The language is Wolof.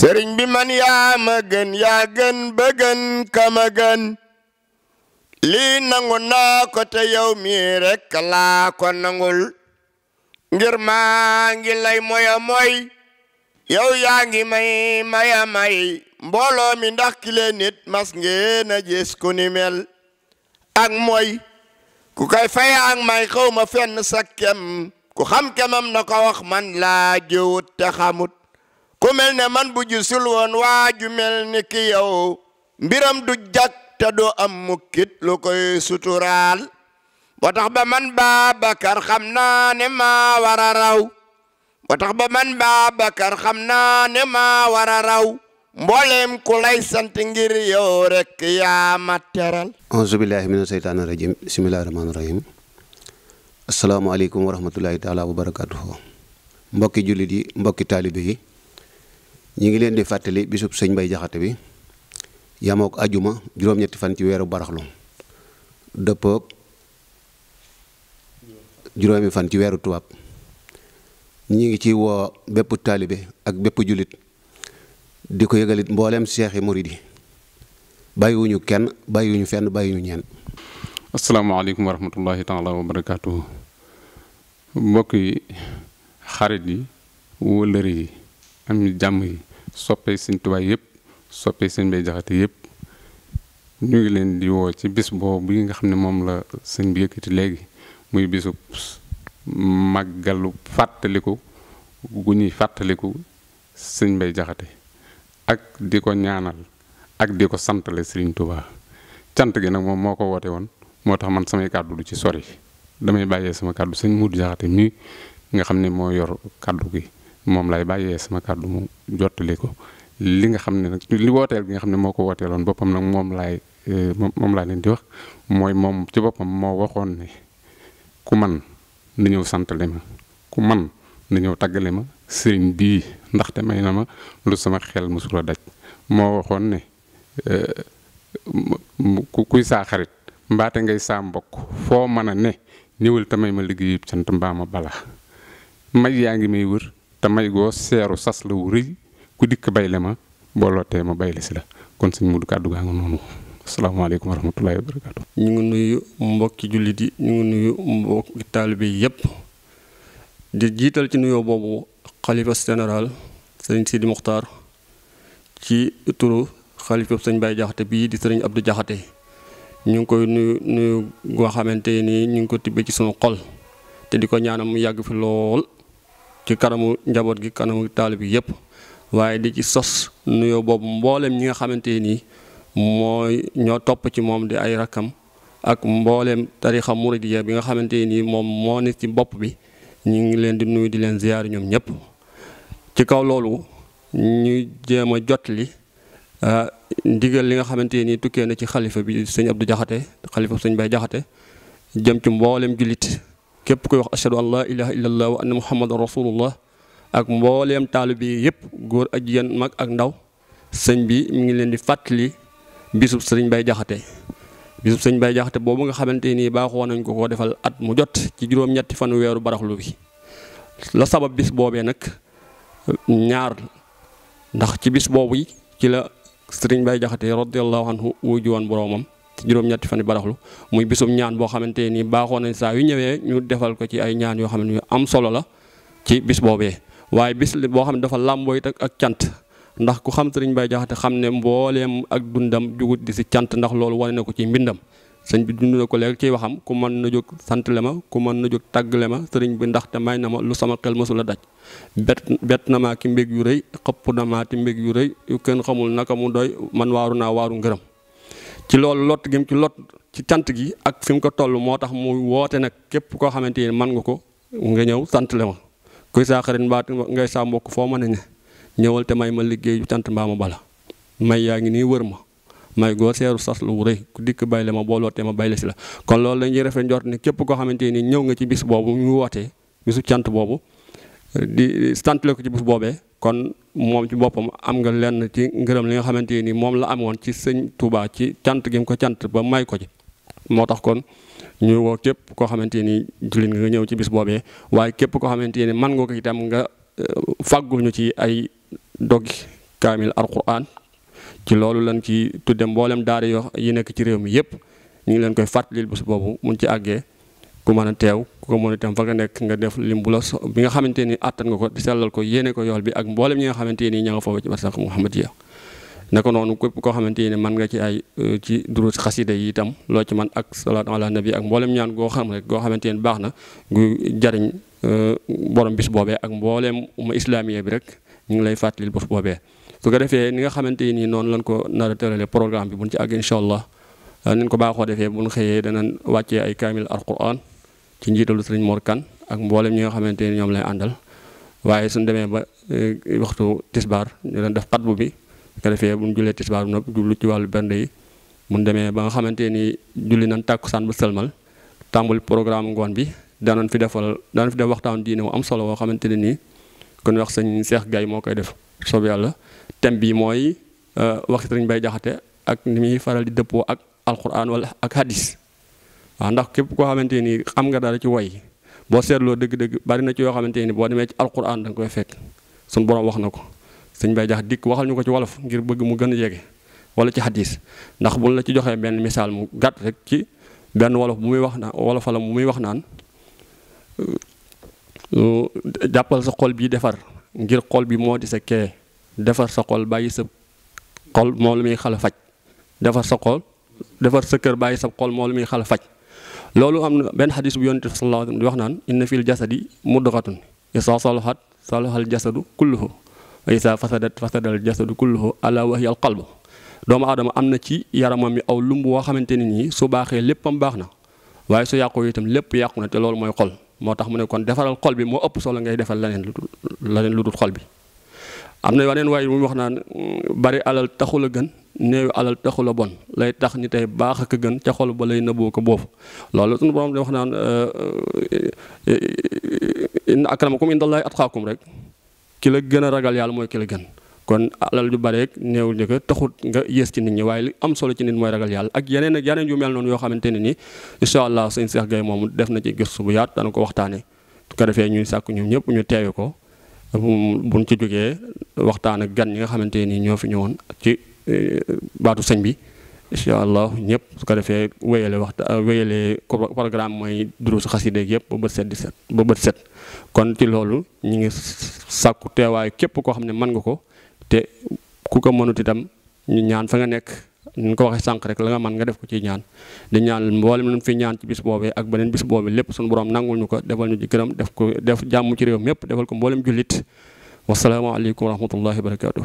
sëriñ bi man yaa ma gën yaa gën ba gën gën lii nangu naa ko te yow mii rekk laa ko nangul ngir maa ngi lay moya moy yow yaa ngi maya may mbooloo mi ndax kile nit mas ngeen a gis ku moy ku koy faye ak may xaw ma fenn sa kem ku xam kemam na ko wax man laa jëwut te xamut ku melne man bu jusul won waaju melni ki yow mbiram du jak ta do am mukit lu koy suturaal ba ba man Babacar xam naa ne ma wara raw ba ba man Babacar xam naa ne ma wara raw mbollem ku lay sant ngir yow rek ya materal teral auzu billahi mina seytaani rajim bismillahir rahmanir rahim assalamu alaikum warahmatullahi taala wabarakatuh mbokki jullit yi mbokki taalibe yi ñi ngi leen di fàttali bisub sëñ Mbay Jaxate bi yamook ajuma juróom-ñetti fan ci weeru baraxlu dëppoog juróomi fan ci weeru tubaab ñi ngi ci woo bépp taalibe ak bépp julit di ko yëgalit mbooleem seexi murid bàyyiwuñu kenn bàyyiwuñu fenn bàyyiwuñu ñeen asalaamaaleykum wa rahmatullahi taala wa barakaatuhu mbokk yi xarit yi wëllëri yi am ñu jàmm yi soppee sëñ Tuubaa yëpp soppee sëñ Mbay Jaxate yëpp ñu ngi leen di woo ci bis boobu bi nga xam ne moom la sëñ bi yëkkati léegi muy bisu màggalu fàttaliku gu ñuy fàttaliku sëñ Mbay Jaxate ak di ko ñaanal ak di ko santale sëriñ tubaa cant gi nag moom moo ko woote woon moo tax man samay kàddu du ci sori damay bàyyee sama kàddu sëñ Muudu Jaxate mi nga xam ne moo yor kàddu gi moom laay bàyyee sama kàddu mu jottali ko li nga xam ne nag li wooteel gi nga xam ne moo ko wooteeloon boppam nag moom laay eh, moom laa leen di wax mooy moom ci boppam moo waxoon ne ku man na ñëw santale ma ku man na ñëw taggale ma sëriñ bii ndaxte may na ma lu sama xel musula daj moo waxoon ne eh, kuy saa xarit mbaate ngay saa mbokk foo mën a ne ñëwal tamay ma liggéeyub sant mbaa ma bala may yaa ngi may wër te may goo seeru sas la wuri ku dik bayle ma boo lootee ma bayle si la kon seigne Modou kaddu ga nga noonu asalaamaaleykum wa rahmatullahi wa ñu ngi nuyu mbokk julit yi ñu ngi nuyu mbokki taalibe yépp di jital ci nuyo bobu khalifa général seigne Sidi mukhtar ci turu khalifa seigne Baye Jaxate bi di seigne Abdou Jaxate ñu ngi koy nuyu nuyu go xamante ñu ngi ko tibbee ci sunu xol te diko ñaanam mu fi lool ci kanamu njaboot gi kanamu taalib yi yëpp waaye di ci sos nuyoo boobu mbooleem ñi nga xamante nii mooy ñoo topp ci moom di ay rakkam ak mbooleem tarixa muridiya bi nga xamante nii moom moo ne ci bopp bi ñu ngi leen di nuyu di leen ziyaar ñoom ñëpp ci kaw loolu ñuy jéem a jot li ah, ndigal li nga xamante nii tukkee na ci xalifa bi sëñ du Jaxate xalifa sëñ Bay Jaxate jëm ci mboolem jullit كيف كوي أشهد أن لا إله إلا الله وأن محمد رسول الله أك موليم طالبي ييب غور أك جين ماك أك نداو سيرن بي مي لين دي فاتلي بيسوب سيرن باي جاخاتي بيسوب سيرن باي جاخاتي بوبو غا خامتيني با خو وانا نكو كو ات مو جوت سي جيروم نيات فان ويرو باراخلو بي لا سبب بيس بوبي نك نيار ناخ سي بيس بوبي كي لا سيرن باي رضي الله عنه وجوان بروموم juróom-ñetti fan yi baraxlu muy bisum ñaan boo xamante ni baaxoo nañ saa yu ñëwee ñu defal ko ci ay ñaan yoo xam ne yu am solo la ci bis boobee waaye bis boo xam ne dafa làmboo it ak cant ndax ku xam sëriñ Baye Jaxate xam ne mbooleem ak dundam jugut di si cant ndax loolu wane na ko ci mbindam sëñ bi dund na ko léegi ciy waxam ku mën na jóg sant le ma ku mën na jóg tàggale le ma sëriñ bi ndaxte may na ma lu sama xel mësul a daj bet bet na maa ki mbég yu rëy xëpp ti mbég yu rëy yu kenn xamul naka mu doy man waaru naa waaru ngërëm ci loolu lot gi mu ci lot ci cant gi ak fi mu ko toll moo tax mu woote nag képp koo xamante ni man nga ko nga ñëw sant le ma kuy saa xarit mbaat ngay saa mbokk foo mën a ñëwal te may ma liggéey bu cant mbaa ma bala may yaa ngi nii wër ma may goo seeru sas lu rëy ku dikk bayle ma boo lootee ma bayle si la kon loolu la ñuy rafet njort ne képp koo xamante ni ñëw nga ci bis boobu ñu wootee bisu cant boobu di santale ko ci bis boobee kon moom ci boppam am nga lenn ci ngërëm li nga xamante nii moom la amoon ci sëñ Touba ci cant gi mu ko cant ba may ko ci moo tax kon ñu woo képp koo xamante ni jullit nga ñëw ci bis boobee waaye képp koo xamante ni man nga ko itam nga euh, fàggul ci ay doggi kaamil alquran ci loolu lan ci tudde mboolem daara yoo yi nekk ci réew mi yépp ñu ngi leen koy fàttalil bis boobu mun ci àggee ku mën a teew ku ko mën a itam fa nga nekk nga def lim bu la so bi nga xamante ni attan nga ko sellal ko yéene ko yool bi ak mboolem ñi xamante ni ña nga foofu ci barsaq muhammadiya naka noonu képp koo xamante ni mën nga ci ay euh, ci durus xasida yi itam loo ci man ak salaatu ala nabi ak mboolem ñaan goo xam rek goo xamante ni baax na gu jariñ euh, borom bis boobee ak mbooleem umma islamiya bi rek ñu ngi lay fàttalil bés boobee su ko defee ni nga xamante nii noonu lañ ko nar a tëralee programme bi buñ ci àgg incha allah euh, nañ ko baaxoo defee buñ xëyee dana wàccee ay kaamil alquran ci njitalu serigne Mor Kane ak mboolem ñi nga xamanteni ñom lay andal waye suñu démé ba eh, waxtu tisbar ñu leen def khatbu bi nga defee bu ñu tisbar tisbaar bu ci walu bande yi mun démé ba nga xamanteni ni julli nan takusan ba selmal tambul programme ngon bi danañ fi defal danañ fi def waxtaan diiné wu am solo xamanteni ni kon wax sëñ Cheikh gay mo koy def soob yalla thème bi moy eh, waxi serigne Bay Jaxate ak ni faral di depo ak alquran wala ak hadith waaw ah, ndax kep ko xamanteni ni xam nga dara ci way bo setlo deug deug bari na ci yo xamanteni ni demé ci alquran dang koy fek sun borom wax nako ko bay jax dik waxal ñuko ci wolof ngir bëgg mu gën a wala ci hadis ndax bu la ci joxee ben misal mu gat rek ci ben wolof bu muy wax wala wolof la mu muy wax naan dappal euh, sa xol bi defar ngir xol bi modi di sa kee defar sa xol bàyyi sa xol mo lu muy xala faj defar sa xol defar sa kër bàyyi sa xol mo lu muy xala faj loolu am na benn xadis bu yonent bi sallallahu alayhi wa sallam di wax naan inna fil jasadi mudghatun isa salahat salahal jasadu kulluhu wa isa fasadat fasadal jasadu kulluhu ala wa hiya al qalb doomu aadama am na ci yaramam yi aw lumb woo xamante ne nii su baaxee léppam baax na waaye su yàqoo itam lépp yàqu na te loolu mooy xol moo tax mu ne kon defaral xol bi moo ëpp solo ngay defal leneen lu dul lu dul xol bi am na yeneen waaye mu wax naan hmm, bari alal taxul a gën néew alal taxu la bon lay tax ni tey baax ak gën ca xol ba lay nëbboo ko boobu loolu suñu borom di wax naan euh, euh, inna akramakum indallahi atqaakum rek ki la gën a ragal yàlla mooy ki la gën kon alal ju bareeg néew njëkk taxut nga yées ci nit ñi waaye li am solo ci nit mooy ragal yàlla ak yeneen ak yeneen yu mel noonu yoo xamante ne nii incha allah sëñ Cheikh Gueye moom def na ci gëstu bu yaat dana ko waxtaane su ko defee ñuy sàkk ñoom ñëpp ñu teewe ko buñ ci jógee waxtaan ak gan ñi nga xamante nii ñoo fi ñëwoon ci Eh, baatu sëñ bi incha allah ñëpp su ko defee wéyale waxta eh, wéyale programme mooy duruusu xasida yëpp ba set di set ba bët set kon ci loolu ñu ngi sàkku teewaay képp koo xam ne mën nga ko te ku ko mënut itam ñu ñaan fa nga nekk ñu ko waxee sànq rek la nga mën nga def ko ci ñaan di ñaan mboolem lu fi ñaan ci bis boobee ak beneen bis boobee lépp suñu boroom nangul ñu ko defal ñu ci def ko def jàmm ci réew mépp defal ko mboolem jullit wasalaamaaleykum wa rahmatullahi wa barakatuh